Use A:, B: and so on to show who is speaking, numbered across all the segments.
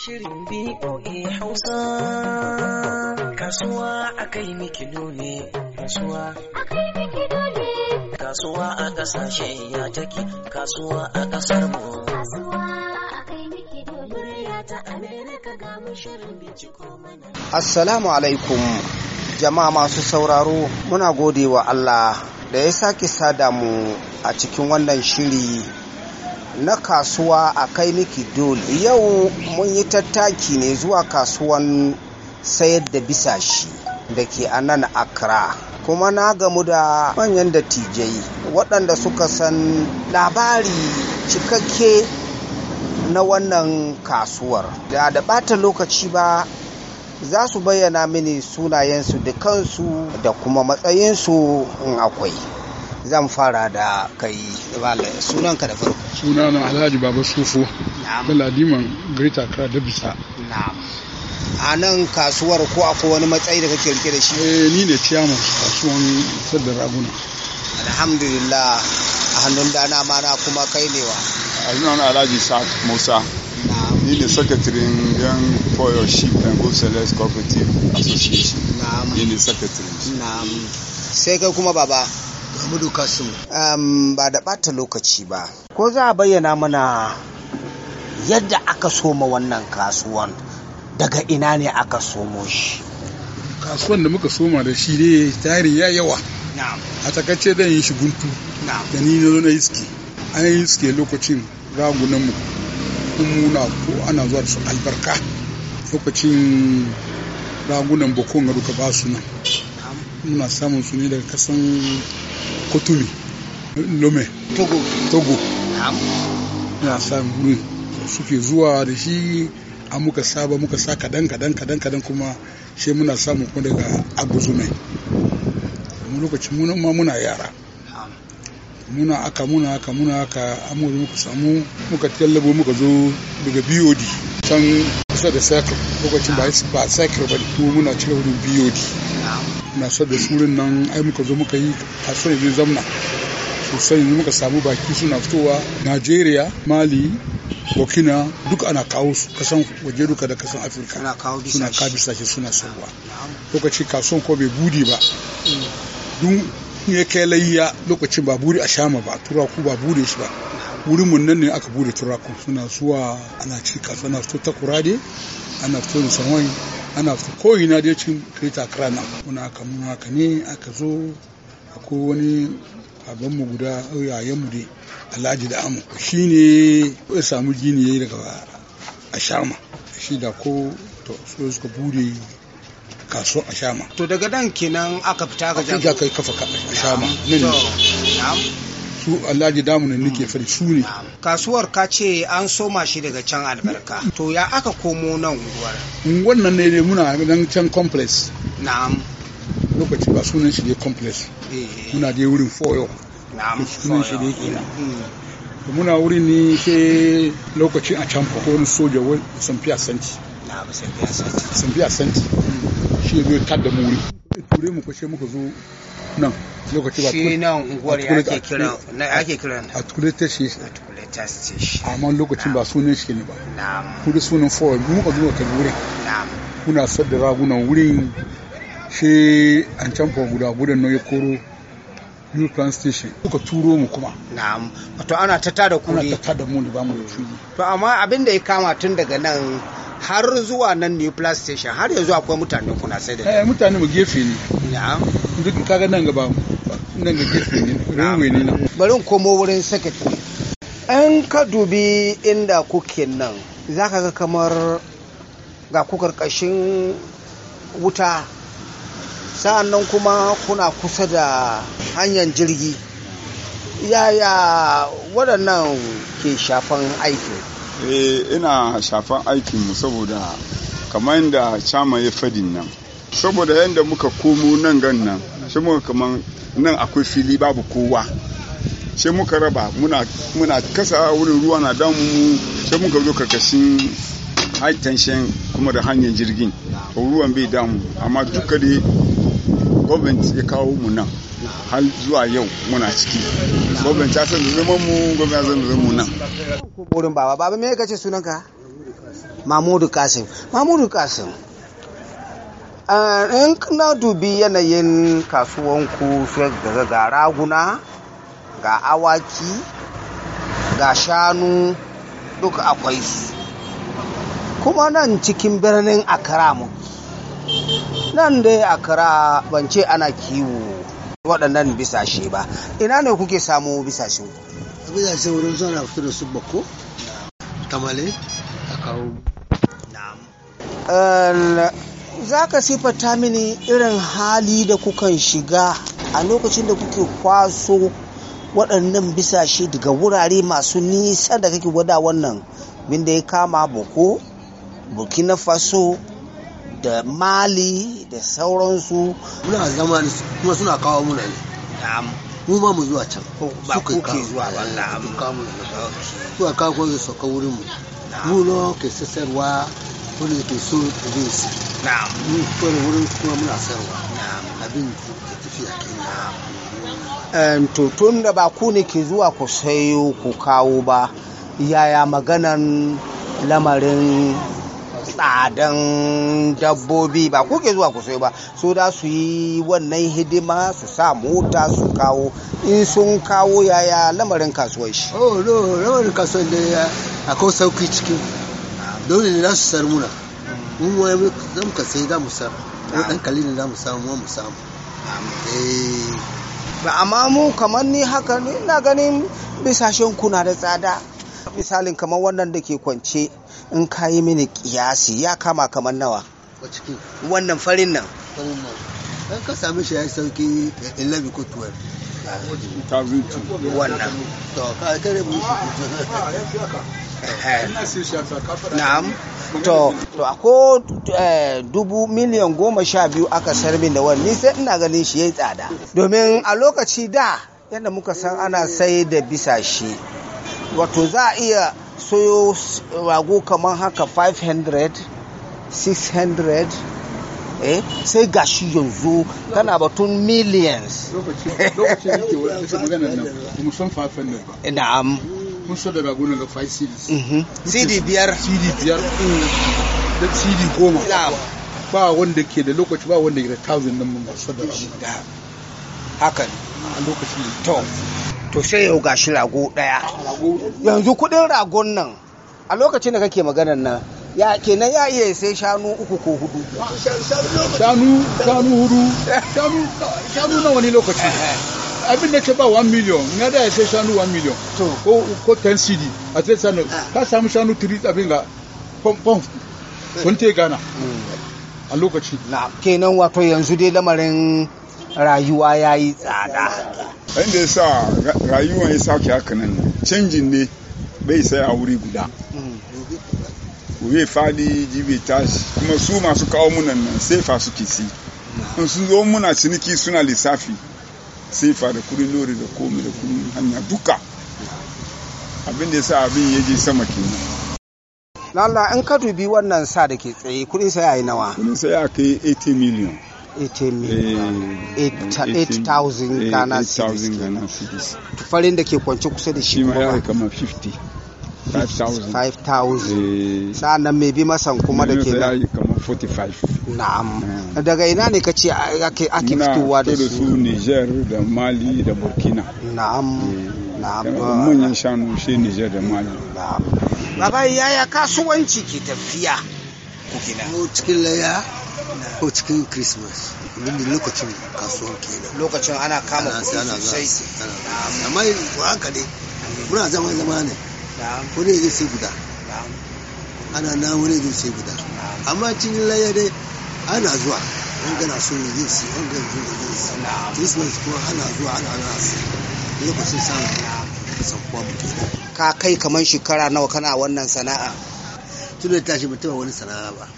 A: Shirin BOA Hausa. Kasuwa a kai mikido ne. Kasuwa a kai mikido ne. Kasuwa a kasashe ya take. Kasuwa a kasar mu. Kasuwa a kai mikido ne. ta Amerika ga mu shirin binciko mana. Assalamu alaikum. Jama'a masu sauraro muna gode wa Allah da ya sake sada mu a cikin wannan shiri na kasuwa a kai miki dole yau mun yi tattaki ne zuwa kasuwan sayar da bisa shi. da ke a nan accra kuma na gamu da manyan dattijai waɗanda suka san labari cikakke na wannan kasuwar da da ɓata lokaci ba za su bayyana mini sunayensu da kansu da kuma matsayinsu in akwai zan fara da kai sunan ka da farko
B: suna na alhaji baba sufo da ladiman greater accra da bisa
A: a nan kasuwar ko akwai wani matsayi da kake rike da shi eh ni ne ciyaman kasuwan sadar raguna alhamdulillah a hannun dana mana
C: kuma kai ne wa a sunan alhaji sa'ad musa ni ne sakatirin yan koyo shi and gold sellers cooperative association ni ne sakatirin
A: sai kai kuma baba Muhammadu Kasim. ba da ɓata lokaci ba. Ko za a bayyana mana yadda aka soma wannan kasuwan daga ina ne aka somo shi. Kasuwan da muka soma da shi ne
B: tarin ya yawa. A takaice dan yi shi guntu. Da ni na zo na iske. An yi iske lokacin ragunan mu. muna ko ana zuwa su albarka lokacin ragunan bakon ga duka ba su nan. muna samun su ne daga kasan koturi lome togo togo na samun wurin suke zuwa da shi a muka saba muka sa kadan kadan kadan kadan kuma shi muna samun kuma daga abuzume lokacin muna ma muna yara muna aka muna aka muna aka amuri muka samu muka tallabo muka zo daga bod can kusa da cycle lokacin ba cycle ba ne muna cire wurin bod masu da surin nan ai muka zo muka yi kasuwar zai zamna sosai yanzu muka samu baki suna fitowa najeriya mali burkina duk ana kawo su kasan waje duka da kasan afirka suna kawo shi suna sauwa lokaci kasuwan ko bai budi ba
A: mm.
B: dun ya kai layya lokacin ba buri a shama ba turaku ba bude shi ba wurin mun nan ne aka bude turaku suna zuwa ana ci kasuwa na fito ta kurade ana fito da sanwai ana fita ko'ina dai cikin kirita kira muna kamun haka ne aka zo akwai wani abinmu guda yayanmu dai alhaji da amu shi ne ya samu gini ya yi daga a shama shi da ko to so suka bude kaso a shama to daga dan kenan aka
A: fita ka jaka
B: kafa a shama nan su alhaji damu ne nake fari su ne
A: kasuwar ka ce an soma shi daga can albarka hmm. to ya aka komo nan unguwar
B: unguwar nan ne dai muna nan can complex
A: na'am lokaci ba
B: sunan shi ne complex eh. muna dai wurin foyo na'am sunan shi ne kenan hmm. muna wurin ne ke lokacin a can ko wani soja wani fiya santi fiya santi hmm. shi ne zo ya tadda mu wuri ture mu kwashe muka zo nan lokaci ba shi nan unguwar ya ake kira
A: na ake kira
B: articulated shi articulated station amma lokacin ba sunan shi ne ba na'am ku da sunan for mu ka zuwa kan wurin na'am kuna sadda ragunan wurin shi an can fa guda gudan ya koro new plan station kuka turo mu kuma na'am wato ana
A: ta tada ku ana ta tada mu da ba mu da fili to amma abin da ya kama tun daga nan har zuwa nan new plan station har yanzu akwai mutane kuna sai da eh mutane mu gefe ne na'am duk kaga nan gaba nan bari in komo wurin sakatare an ka dubi inda kuke nan za ka ga kamar ga ku karkashin wuta sa'an nan kuma kuna kusa da hanyar jirgi yaya
C: waɗannan ke shafan aiki eh, ina shafan aikinmu saboda kamar yadda cama ya fadin nan saboda yadda muka komo nan gan nan shi muka kaman nan akwai fili babu kowa shi muka raba muna muna kasa wurin ruwa na damu mu shi muka zo karkashin high kuma da hanyar jirgin ruwan bai damu amma duka da gwamnati ya kawo mu nan har zuwa yau muna ciki gwamnati ta san zama mu gwamnati
A: ya san zama mu nan burin baba baba me sunanka mamudu kasim mamudu kasim in na dubi yanayin kasuwanku daga ga raguna ga awaki ga shanu duk akwai su kuma nan cikin birnin akara mu nan dai akara ban ce ana kiwo waɗannan bisashe ba ina ne kuke samu bisashe ku bisashe wurin zuwa na fito da su bako tamale a kawo za ka siffata mini irin hali da kukan shiga a lokacin da kuke kwaso waɗannan bisashe daga wurare masu nisa da kake gwada wannan wanda ya kama boko burkina faso da mali da sauransu muna zama kuma suna kawo muna ne mu ma mu zuwa can ba ku ke zuwa ba eh, na kawo zuwa kawo su ka wurin mu mu ke sassarwa wanda ke so ka zai na'am mun wurin kuma muna sayarwa na'am abin da tafiya kenan to tun da ba ku ne ke zuwa ku sayo ku kawo ba yaya maganan lamarin tsadan dabbobi ba ke zuwa ku sayo ba so da su yi wannan hidima su sa mota su kawo in sun kawo yaya lamarin kasuwar shi oh no lamarin kasuwar da akwai sauki ciki dole ne za su sar muna mun mu za mu ka sai za mu samu ko dan kalilin za mu samu mu samu eh. ba amma mu kamar ni haka ni ina ganin bisashen kuna da tsada misalin kamar wannan da ke kwance in ka yi mini kiyasi ya kama kamar nawa wannan farin nan farin an ka sami shi ya yi sauki 11 ko 12 wannan to ka kare mu shi Eh. na'am to to a ko eh, dubu miliyan goma sha biyu aka sarbin da wani sai ina ganin shi yayi tsada domin a lokaci da yadda muka san ana sai da bisa shi wato za a iya soyo rago kamar haka 500 600 eh sai gashi yanzu kana batun millions lokacin da ke wani magana nan 500 ba na'am
B: kun so da rago daga 5 cds cd biyar cd biyar da mm. cd goma ba wanda ke da lokaci ba wanda ke da 1000 nan mun so da rago
A: haka ne a lokaci da to to sai yau gashi rago daya yanzu kudin ragon nan a lokacin da kake maganar nan ya kenan ya iya sai shanu uku ko hudu shanu shanu hudu shanu
B: shanu na wani lokaci eh, eh. abin da ce ba 1 million na da ya sai shanu 1 million ko ko 10 cd a sai shanu ah. ka samu shanu 3 abin ga pomp kun te gana hmm.
A: a lokaci na kenan wato yanzu dai lamarin rayuwa ya yi tsada inda ya sa rayuwa ya sake haka
C: nan canjin ne bai sai a wuri guda gobe hmm. fadi jibi tashi kuma su masu kawo munan nan sai suke si
A: hmm.
C: in sun zo muna ciniki suna lissafi sifa da kudin lori da komi da kudin hanya duka abin da ya sa abin ya je sama kenan
A: lalla in ka dubi wannan sa da ke tsaye kudin sa yi nawa kudin sa ya kai 80 million 80 million 8000 eh, eh, Ghana cities farin da ke kwance kusa da shi ma ya kama 50 5000 sa'an nan mai bi masan kuma da ke nan 45 na'am daga ina ne kace ake ake fitowa da su
C: Niger da Mali da Burkina na'am na'am manyan shanu shi Niger da Mali
A: na'am baba yaya kasuwanci ke tafiya ko cikin laya ko cikin Christmas wanda lokacin kasuwan kenan lokacin ana kama kuɗi sosai amma ko haka ne muna zama zama ne ko ne zai sai guda ana na wani zai sai guda amma cikin laye dai ana zuwa wanga na so yin shi wanga yanzu da yin shi christmas ko ana zuwa ana nasa lokacin samun sakuwa mutum ka kai kamar shekara nawa kana wannan sana'a tun da tashi mutum wani sana'a ba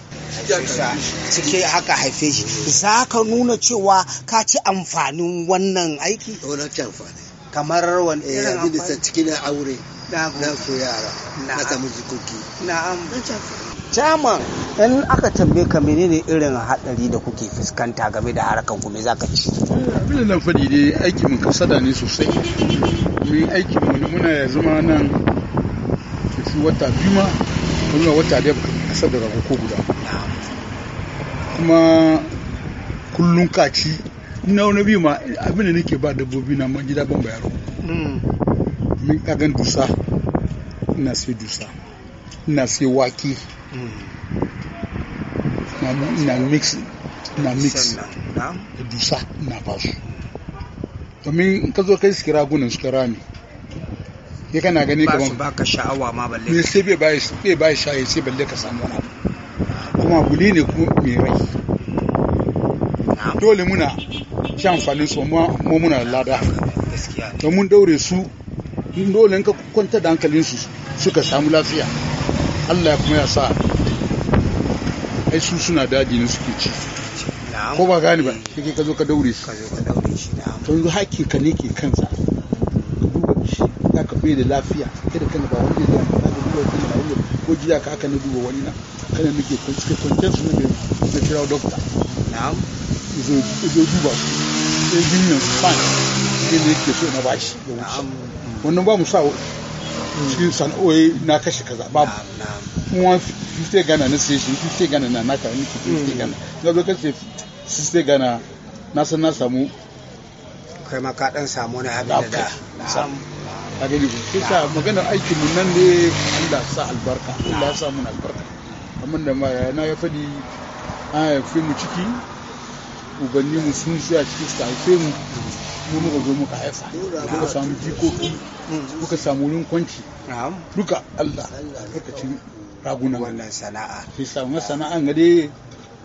A: cike haka haife shi za ka nuna cewa ka ci amfanin wannan aiki wani ci amfani kamar wani eh, irin amfani da cikin aure na yara. na samu jikoki na amfani Chairman in aka tambaye ka menene irin hadari da kuke fuskanta game da harkan ku me zaka ci?
B: Abin da na faɗi dai mun mu kasada ne sosai. Mu aiki mu muna ya zama nan tafi wata biyu ma muna wata da kasa da rago ko guda. Kuma kullun kaci na wani biyu ma abin da nake ba dabbobi na man gida ban bayaro. Hmm. Min kagan dusa ina sai dusa. na sai wake na mix na mix da dusa na basu domin ka zo kai sikira gunan sikira ne ya kana gani kaman ba ka sha'awa ma balle ne sai bai bai bai bai sai balle ka samu wani kuma guni ne ku mai rai dole muna shi amfanin su mu muna lada da mun daure su dole in ka kwanta da hankalin su suka samu lafiya allah kuma ya sa ai su suna daji ne suke ci ko ba gani ba shi ka zo ka daure shi to yanzu hakkin ka ne ke kansa ka duba shi za ka bai da lafiya da kanka ba wanda da ba da duba kana ba wani ko jiya ka haka na duba wani na kana nake suke kwanciyar su ne da kira dokta na'am zo duba su sai jinyar su fine ne ke so na bashi da wuce wannan ba mu sa cikin sana'o'i na kashe kaza babu kuma 50 gana na sai shi 50 gana na naka hmm. wani ki 50 gana na zo kace 60 gana na san na samu kai ma ka dan samu ne abin da da a gani ku sa magana aikin mun nan ne Allah sa albarka Allah ya sa mun albarka amma da ma na ya fadi an haife mu ciki ubanni mu sun shi a cikin sa haife mu mu muka zo muka haifa muka samu jikoki muka samu wurin kwanci duka Allah lokacin raguna wannan sana'a sai samu sana'a ga dai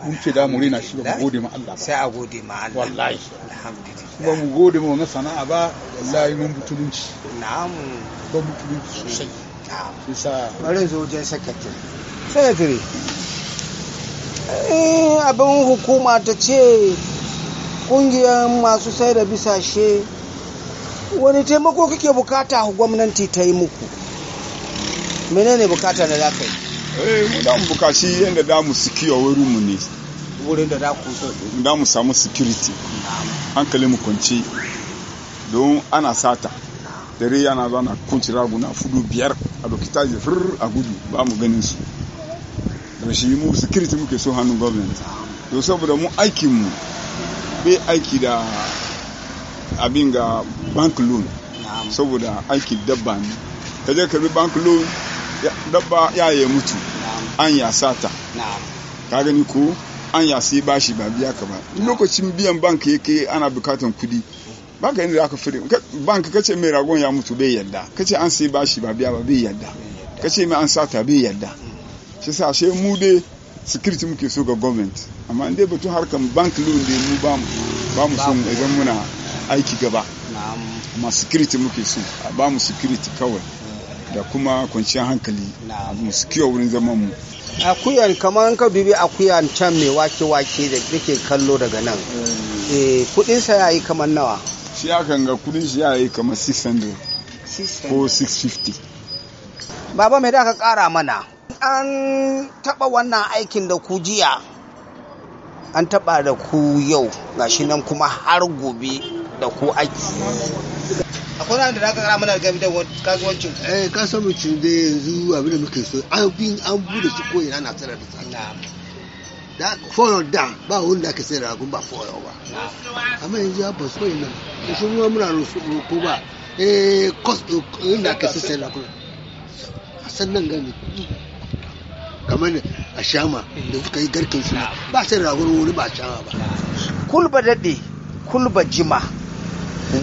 B: mun ce da mu rena shi ba mu gode ma Allah ba sai a gode ma Allah wallahi alhamdulillah ba mu gode ma wannan sana'a ba wallahi mun butulunci na'am ba butulunci
A: sosai na'am sa bare zo je sakatare sakatare eh abin hukuma ta ce kungiyar masu sai da bisashe wani taimako kake bukata gwamnati ta yi muku menene bukata na za ka yi
C: eh mu da mu yadda da mu secure wurin mu ne wurin da da mu samu security hankali mu kwanci don ana sata dare yana zana na kunci raguna fudu biyar a dokita fir a gudu ba mu ganin su da shi mu security muke so hannun gwamnati to saboda mu aikin mu be aiki da abin ga bank loan saboda aiki dabba ne ka je karbi bank loan dabba ya yi mutu an ya sata ka gani ko an ya sai bashi ba biya ka ba lokacin biyan bank yake ana bukatan kudi banka yadda aka fure bank kace mai ragon ya mutu bai yadda kace an sai bashi ba biya ba bai yadda kace mai an sata bai yadda shi sa mu dai security muke so ga government amma in dai batun harkar bank loan da mu ba mu son idan muna aiki gaba amma security muke so a ba mu security kawai da kuma kwanciyar hankali mu secure wurin zaman mu
A: akuyan kamar ka dubi akuyan can mai wake-wake da kake kallo daga nan eh. eh, kudin sa yayi kamar nawa
C: shi akan ga kudin shi yayi kamar 600 ko 650
A: baba mai da ka kara mana an taɓa wannan aikin da ku jiya an taɓa da ku yau gashi nan kuma har gobe da ku aiki akwai ranar da aka ka kara mana gami da kasuwancin eh kasuwancin da yanzu abin da muke so an bin an bude su ko ina na tsara da tsada da Foyon da ba wanda aka da ragun ba foyon ba amma yanzu ya ba so ina da shi ruwa muna roko ba eh cost inda aka sayar ragun a sannan gani kamar a shama da suka yi garkin su ba sai ragon wuri ba shama ba kulba daɗe kulba jima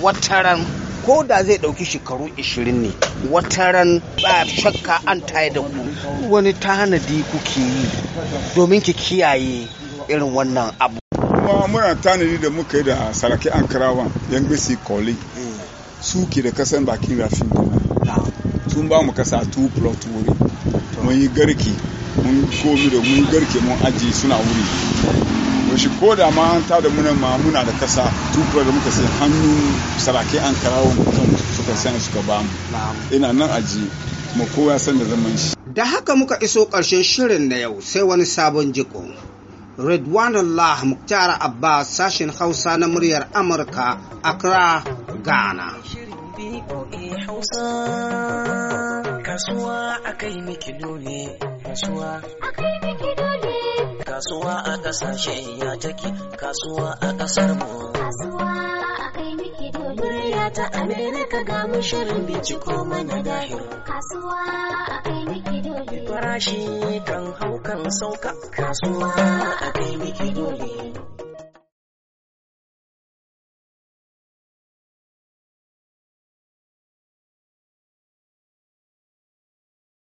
A: wataran ko da zai ɗauki shekaru 20 ne wataran ba shakka an taya da ku wani tanadi kuke yi domin
C: ki kiyaye irin wannan abu kuma muna tanadi da muka yi da saraki an kirawan yan gbesi koli hmm. su ke da kasan bakin rafin sun ba mu kasa 2 plot wuri mun yi garki mun komi da mun garke mun aji suna wuri don shi ko da ma an tada muna ma muna da kasa tufar da muka
A: sai hannu sarakai an karawo mutum suka sani suka ba mu ina nan aji ma kowa san da zaman shi da haka muka iso karshen shirin na yau sai wani sabon jiko Redwan Allah Muktar Abbas sashen Hausa na muryar Amurka Accra Ghana kasuwa akai miki kasuwa kasuwa a kasashe ya take kasuwa a kasar mu murya ta amerika ga mu shirin binciko mana dahir kasuwa a kai miki farashi kan hau kan sauka kasuwa a kai miki